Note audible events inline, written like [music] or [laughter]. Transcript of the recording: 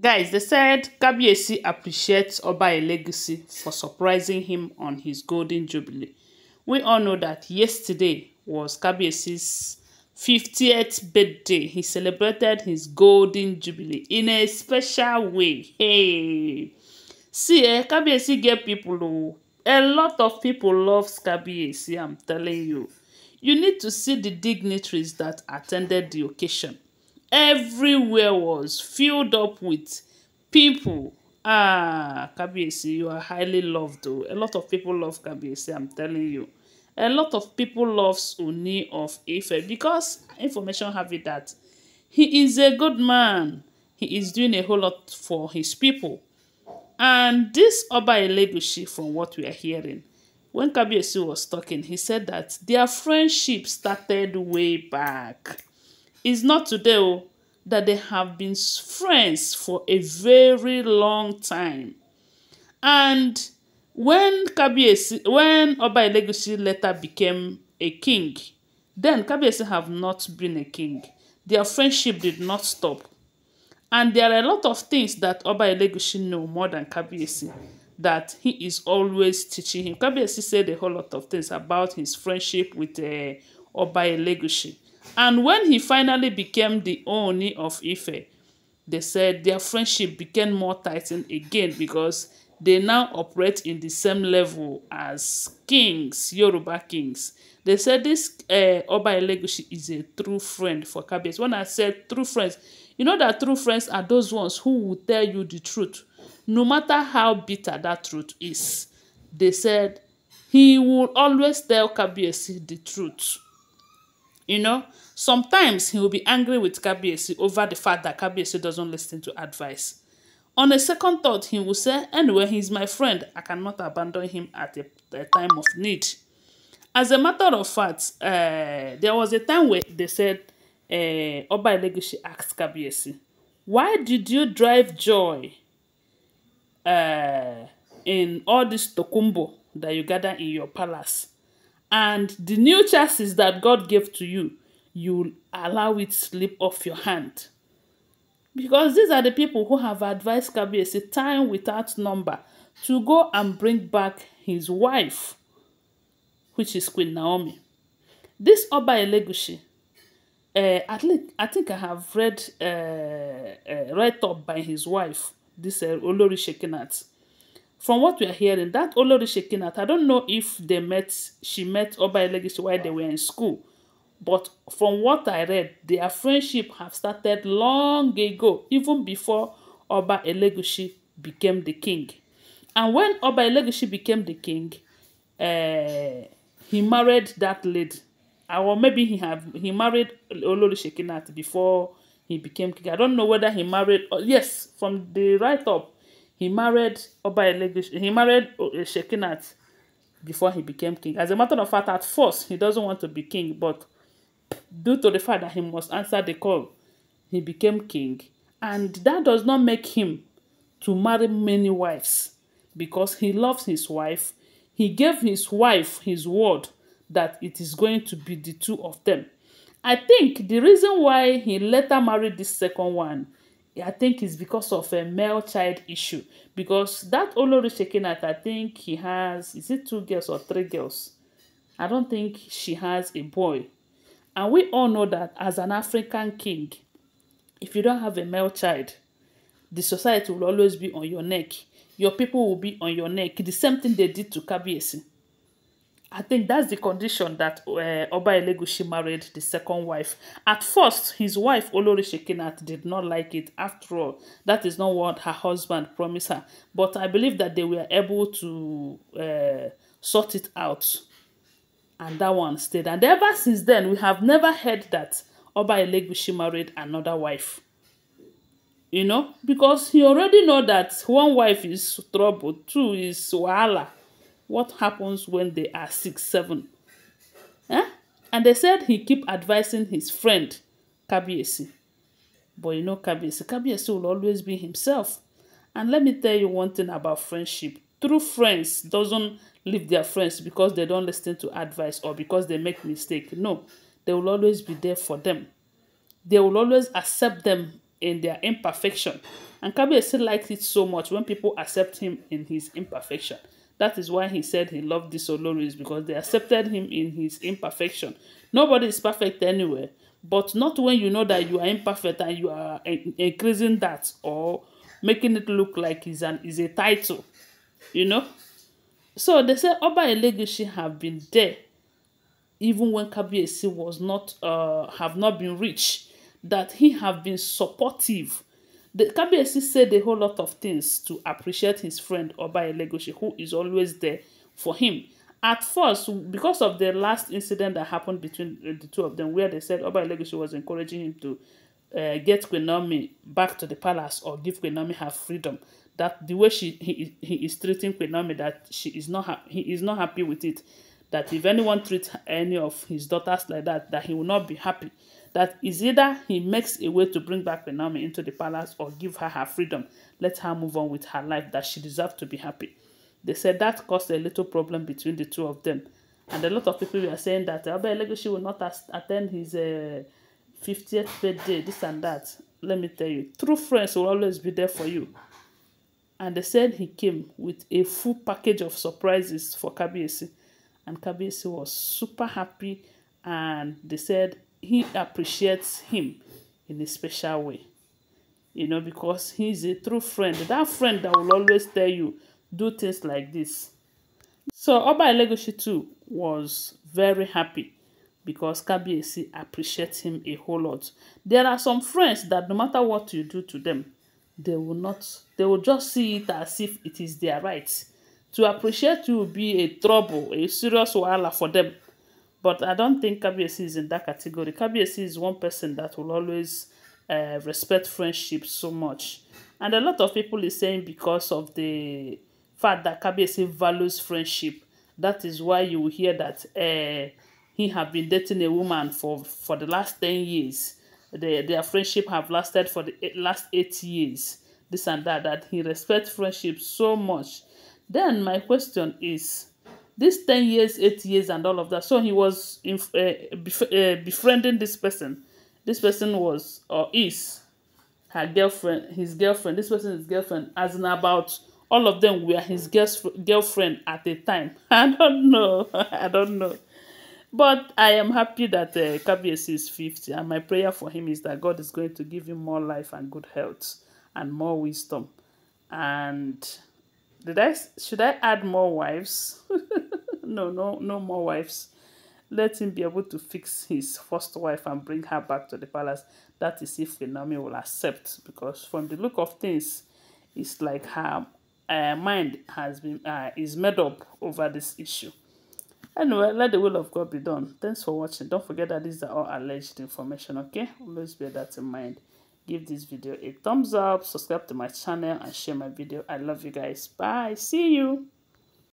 Guys, they said Kabiesi appreciates Obaye legacy for surprising him on his golden jubilee. We all know that yesterday was Kabiesi's 50th birthday. He celebrated his golden jubilee in a special way. Hey! See, eh, Kabiesi get people, oh, a lot of people love Kabiesi, I'm telling you. You need to see the dignitaries that attended the occasion everywhere was filled up with people ah kabiyesi you are highly loved o a lot of people love kabiyesi i'm telling you a lot of people loves Ooni of Ife because information have it that he is a good man he is doing a whole lot for his people and this Oba Elegushi from what we are hearing when Kabiyesi was talking he said that their friendship started way back It's not today oh, that they have been friends for a very long time. And when Kabiyesi, when Oba Elegushi later became a king, then Kabiyesi have not been a king. Their friendship did not stop. And there are a lot of things that Oba Elegushi knew more than Kabiyesi that he is always teaching him. Kabiyesi said a whole lot of things about his friendship with uh, Oba Elegushi. And when he finally became the Ooni of Ife, they said their friendship became more tightened again because they now operate in the same level as kings, Yoruba kings. They said this uh, Oba Elegushi is a true friend for Kabiyesi. When I said true friends, you know that true friends are those ones who will tell you the truth, no matter how bitter that truth is. They said he will always tell Kabiyesi the truth. You know, sometimes he will be angry with Kabiesi over the fact that Kabiesi doesn't listen to advice. On a second thought, he will say, Anyway, he's my friend. I cannot abandon him at a, a time of need. As a matter of fact, uh, there was a time where they said, uh, Oba Elegushi asked Kabiesi, Why did you drive joy uh, in all this tokumbo that you gather in your palace? And the new chances that God gave to you, you allow it slip off your hand. Because these are the people who have advised Kabiesi a time without number to go and bring back his wife, which is Queen Naomi. This Oba Elegushi, uh, at least I think I have read uh, uh, right up by his wife, this uh, Olori Shekinat from what we are hearing, that Olori Shekinat, I don't know if they met, she met Oba Elegishi while they were in school. But from what I read, their friendship have started long ago, even before Oba Elegushi became the king. And when Oba Elegushi became the king, uh, he married that lady. Ah, or maybe he have he married Olori Shekinat before he became king. I don't know whether he married. Or, yes, from the right up, He married Oba Elegushi. He married eh, Shekinat before he became king. As a matter of fact, at first, he doesn't want to be king, but due to the fact that he must answer the call, he became king. And that does not make him to marry many wives because he loves his wife. He gave his wife his word that it is going to be the two of them. I think the reason why he later married this second one I think it's because of a male child issue. Because that Olori Shekinat, I think he has, is it two girls or three girls? I don't think she has a boy. And we all know that as an African king, if you don't have a male child, the society will always be on your neck. Your people will be on your neck. The same thing they did to Kabiesi. I think that's the condition that uh, Oba Elegushi married the second wife. At first, his wife Olori Shekinat did not like it. After all, that is not what her husband promised her. But I believe that they were able to uh, sort it out. And that one stayed. And ever since then, we have never heard that Oba Elegushi married another wife. You know, because he already know that one wife is trouble, two is wahala. what happens when they are six, seven. Eh? And they said he keep advising his friend, Kabiesi. But you know Kabiesi, Kabiesi will always be himself. And let me tell you one thing about friendship. True friends doesn't leave their friends because they don't listen to advice or because they make mistake. No, they will always be there for them. They will always accept them in their imperfection. And Kabiesi likes it so much when people accept him in his imperfection. That is why he said he loved these Oloris because they accepted him in his imperfection. Nobody is perfect anywhere, but not when you know that you are imperfect and you are increasing that or making it look like it's an is a title, you know. So they say Oba Elegushi have been there even when Kabiyesi was not uh, have not been rich, that he have been supportive The Kabiyesi said a whole lot of things to appreciate his friend Oba Elegushi, who is always there for him. At first, because of the last incident that happened between uh, the two of them, where they said Oba Elegushi was encouraging him to uh, get Queen back to the palace or give Queen her freedom, that the way she he, he is treating Queen that she is not ha- he is not happy with it, that if anyone treats any of his daughters like that, that he will not be happy. that is either he makes a way to bring back Benami into the palace or give her her freedom, let her move on with her life, that she deserves to be happy. They said that caused a little problem between the two of them. And a lot of people were saying that Abba Legoshi will not attend his uh, 50th birthday, this and that. Let me tell you, true friends will always be there for you. And they said he came with a full package of surprises for Kabiesi. And Kabiesi was super happy. And they said he appreciates him in a special way. You know, because he's a true friend. That friend that will always tell you, do things like this. So Oba Elegoshi too was very happy because Kabiesi appreciates him a whole lot. There are some friends that no matter what you do to them, they will not, they will just see it as if it is their right. To appreciate you will be a trouble, a serious wahala for them. But I don't think KBSC is in that category. KBSC is one person that will always uh, respect friendship so much. And a lot of people is saying because of the fact that KBSC values friendship, that is why you hear that uh, he have been dating a woman for, for the last 10 years. Their, their friendship have lasted for the last 8 years. This and that, that he respects friendship so much. Then my question is, this 10 years 8 years and all of that so he was in, uh, bef uh, befriending this person this person was or is her girlfriend his girlfriend this person is girlfriend as in about all of them were his girlfriend at the time [laughs] i don't know [laughs] i don't know but i am happy that uh, kbs is 50 and my prayer for him is that god is going to give him more life and good health and more wisdom and did i should i add more wives [laughs] no, no, no more wives. Let him be able to fix his first wife and bring her back to the palace. That is if Naomi will accept, because from the look of things, it's like her uh, mind has been uh, is made up over this issue. Anyway, let the will of God be done. Thanks for watching. Don't forget that these are all alleged information, okay? Always bear that in mind. Give this video a thumbs up, subscribe to my channel, and share my video. I love you guys. Bye. See you.